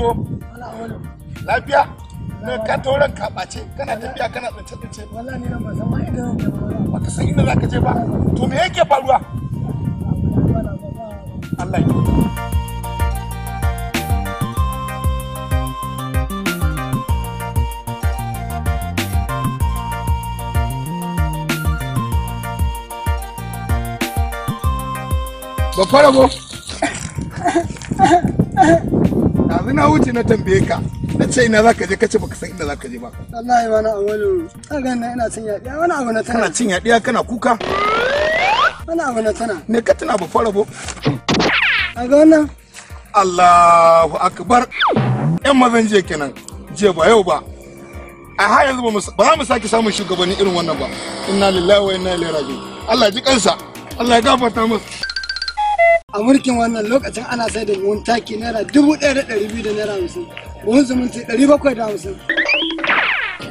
yawo lafiya me ka tauran ka ɓace kana tafiya kana tsince tsince wallahi ne ba san ma inda zan je ba ka san inda zaka je ba to me yake faruwa Allah ya yanzu na wuce na tambaye ka na ce ina za ka je kace baka san inda za ka je ba wallahi wani awalu ka ga na ina cin yaɗiya wani abu na tana kana cin yaɗiya kana kuka wani abu na tana me ka tana ba fara bo a ga wannan Allahu akbar yan mazan je kenan je ba yau ba a har yanzu ba za mu sake samun shugabanni irin wannan ba inna lillahi wa inna ilaihi raji'un Allah ji kansa Allah ya gafarta masa a mulkin wannan lokacin ana sai da buhun taki naira dubu ɗaya da ɗari biyu da naira hamsin buhun zumunci ɗari bakwai da hamsin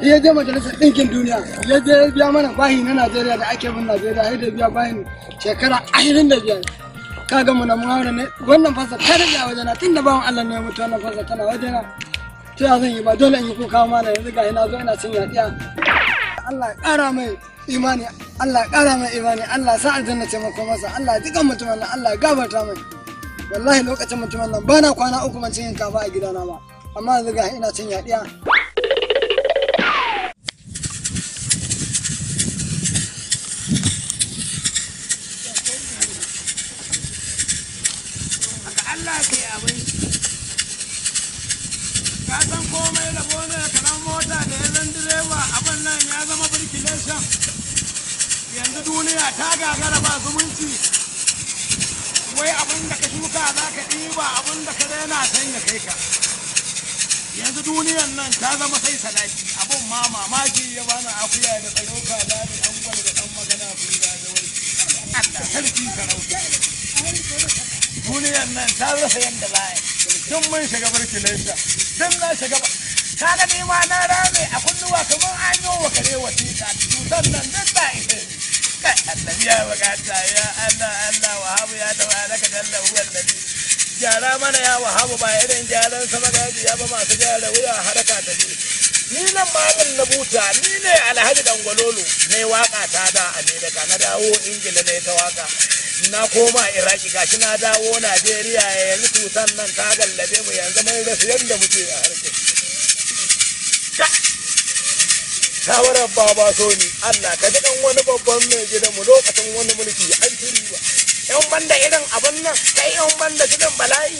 ya je majalisar ɗinkin duniya ya je biya mana bahi na najeriya da ake bin najeriya har da biya bahin shekara ashirin da biyar ka ga mu na muhawara ne wannan fasa ta rage a wajena tun da bawan allah ne ya mutu wannan fasa tana wajena ta ya zan yi ba dole in yi kuka mana yanzu ga ina zo ina cin yaɗiya allah ya ƙara mai imani Allah ƙara mai imani Allah sa aljanna ce mako masa Allah dukan mutumin nan Allah gabata mai wallahi lokacin mutumin nan bana kwana uku ban cin kafa a gidana ba amma yanzu ga ina cin yaɗiya duniya ta gagara ba zumunci wai abin da ka shuka za ka ɗiba abin da ka daina san ya kai ka yanzu duniyan nan ta zama sai sadaki abin ma mamaki ya bani akuya da tsaro kaza da an gwal da ɗan magana kun da zawar Allah sarki sarauta duniyan nan ta rasa yadda za a tun mun shiga barki tun na shiga ba kaga ni ma na rame a kunnuwa kamar an yi wa kare wasiƙa cutar nan duk da ita annabiya bukata ya Allah Allah wahabu ya tabaraka jalla huwa annabi gyara mana ya wahabu ba irin gyaran sama gaji ya ba masu da wuya haraka ta bi ni nan malam na buta ni ne alhaji dangwalolo ne waƙa ta da daga. na dawo ingila ne ta waka na koma iraki shi na dawo najeriya yanzu tutan nan ta gallabe mu yanzu mun rasu yadda muke a harkar shawarar baba ni Allah ka dan wani babban mai gida mu lokacin wani mulki an turi ba yan banda irin abun nan kai yan banda gidan bala'i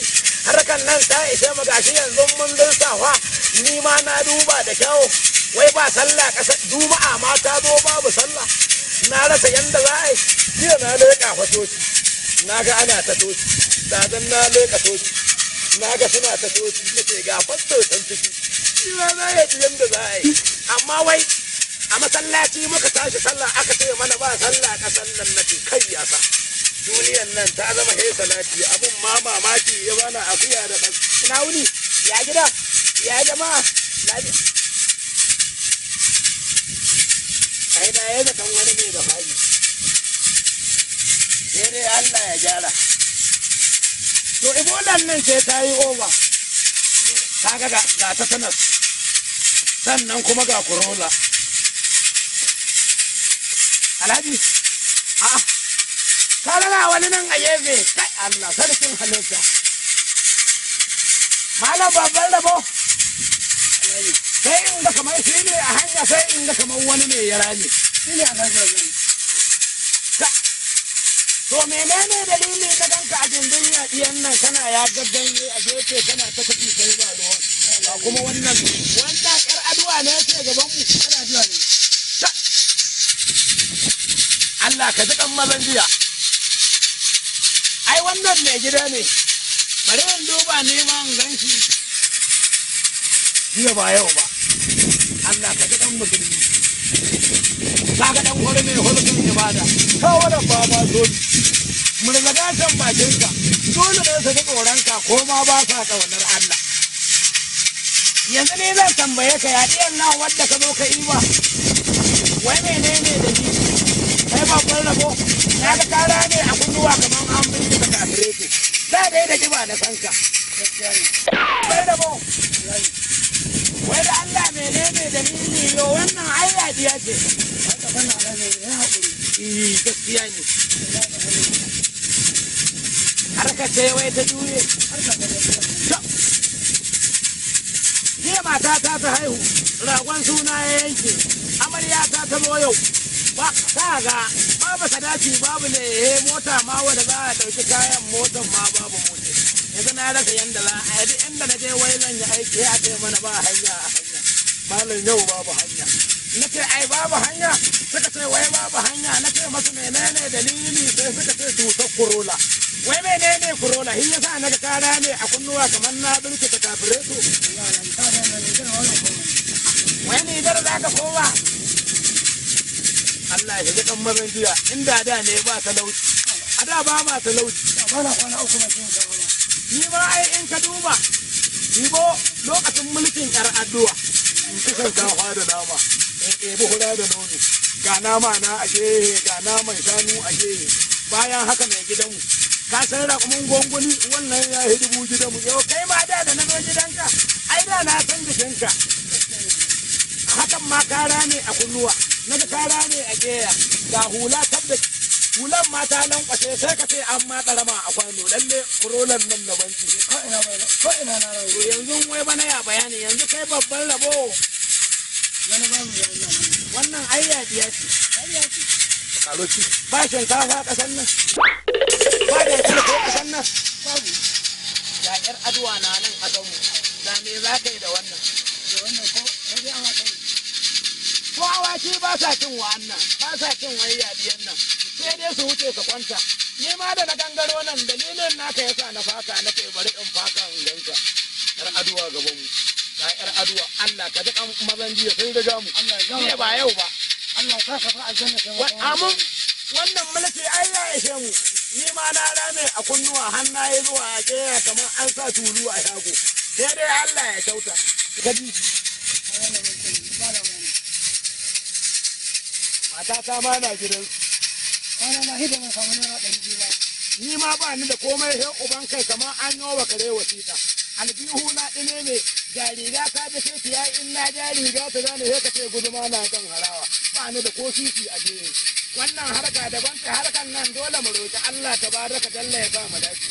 harkan nan ta ishe mu gashi yanzu mun dan sawa ni ma na duba da kyau wai ba sallah kasa juma'a ma ta zo babu sallah na rasa yanda za a yi jiya na leƙa fasoci na ga ana ta toci da na leƙa toci na ga suna ta toci nake ga fasto san ciki shi rana ya ji yadda za a yi amma wai a masallaci muka tashi sallah aka ce mana ba sallah ka sallan na kai ya sa. duniyan nan ta zama he salati abun ma mamaki ya bana akuya da kan ina wuni ya gida ya jama'a lafiya ai da yana kan wani ne da fari sai dai Allah ya gyara to ibolan nan sai ta yi over kaga ga ta sanar sannan kuma ga kurola alhaji a'a ka wani nan a yefe kai allah sarkin halitta malam babban rabo sai in ga kamar shi ne a hanya sai in ga kamar wani mai yara ne ina Ta. to menene dalili na ganka a jindin yaɗiyan nan kana ya gagganye a gefe kana ta kafi sai ba ruwan kuma wannan wanda kar addu'a ne yake gaban mu kar addu'a ne Allah ka ji kan mazan jiya ai wannan mai gida ne bari in duba neman ganshi jiya ba yau ba Allah ka ji kan musulmi ka ga dan wani mai hulkin ibada ka wani ba ba Mun zaga san bakinka dole ne su ji tsoronka ko ma ba sa wannan Allah yanzu ne zan tambaye ka ya ɗiyan nan wadda ka zo ka yi ba wai menene da ni kai babban rabo na ga kara ne a kunnuwa kamar an bincika kafirai ku da dai da kiba da sanka bai rabo wai da Allah menene da ni ne yo wannan ai radiya ce eh, gaskiya ne harka ce wai ta juye da mata ta ta haihu ragon suna ya yanke amarya ta ta zo yau ba ta ga babu sadaki babu ne mota ma wanda za a ɗauki kayan motan ma babu mota yanzu na rasa yanda za a yi inda na je wai zan yi aiki a ce mana ba hanya a hanya malam yau babu hanya na ce ai babu hanya suka ce wai babu hanya na ce masu menene dalili sai suka ce cutar corona wai menene corona hin yasa naga kara ne a kunnuwa kamar na burke ta kafire su wai ni dar ka kowa Allah ya ji kan mazan jiya inda da ne ba talauci a da ba ma talauci ni ma ai in ka duba Ibo lokacin mulkin yar addu'a in ci shinkafa da nama in ɗebi hula da nono ga nama na a ga naman shanu a bayan haka mai gidanmu ka san raƙumin gwangwani wannan ya yi dubu gidan mu. yau kai ma da da na zo gidanka ai da na san jikinka hakan ma kara ne a kunnuwa na ga kara ne a geya ga hula tabda hulan ma ta lankwashe sai ka ce an ma karama a kwano lalle kurolan nan da banci. ko ina na rago yanzu wai bana ya bayani yanzu kai babban rabo wannan ai ya ce ba shinkafa kasan nan babu ya talaka ya kasan nan babu ga yar aduwa na nan a gamu da me za ka yi da wannan da wannan ko a awa kai ko awaki ba sa cin wa'annan ba sa cin wani yadiyan nan sai dai su wuce su kwanta ni ma da na gangaro nan dalilin naka yasa na faka na kai bari in faka in ganka yar aduwa gaban mu ga yar aduwa Allah ka ji kan mazan jiya sun riga mu ne ba yau ba Allah ka ka fa aljanna kai amin wannan mulki ai ya ishe mu ni ma na rame a kunnuwa hannaye zuwa a keya kamar an sa tulu a shago sai dai Allah ya kyauta gaji mata ta ma na gidan ana na hidima kamar na ɗari biyu ni ma ba ni da komai sai uban kai kamar an yi wa kare wasiƙa albihu na ɗine ne jariga ta ji sai yi in na jariga ta zane sai ka ce guduma na kan harawa ba ni da ko shi a jere wannan harka daban ta harkan nan dole mu roki Allah baraka jalla ya ba mu dace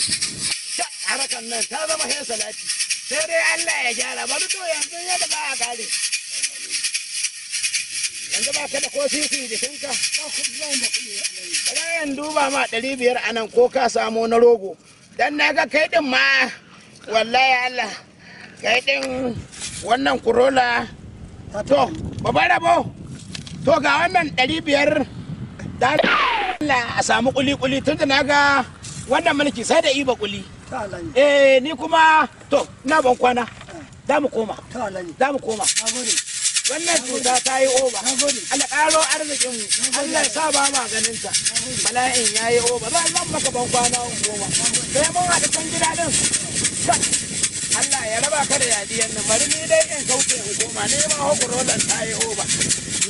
ta harkan nan ta zama hin salati sai dai Allah ya gyara bari to yanzu ya da ba gari yanzu ba ka da ko sisi jikinka yan duba ma ɗari biyar a nan ko ka samu na rogo dan na ga kai din ma wallahi Allah kai din wannan kurola to ba rabo to ga wannan ɗari biyar a samu kuli-kuli tun da na ga wannan mulki sai da iba kuli eh ni kuma to na ban kwana za mu koma za mu koma wannan cuta ta yi oba Allah ƙaro arzikin mu Allah sa ba ma ganin ta bala'in ya yi oba ba zan maka ban kwana goma sai mun haɗu kan gida din Allah ya raba ka da yadiyan nan bari ni dai in kauce hukuma ne ma hukurolan ta yi oba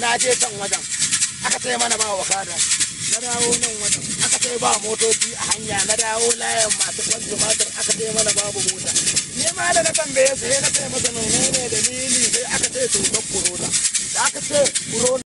na je can wajen aka mana ba wakada na dawo nan wata aka ce ba motoci a hanya na dawo layan masu kwanci matar aka ce mana babu mota ne ma da na tambaye sai na ce masa ne da dalili sai aka ce cutar corona da aka ce corona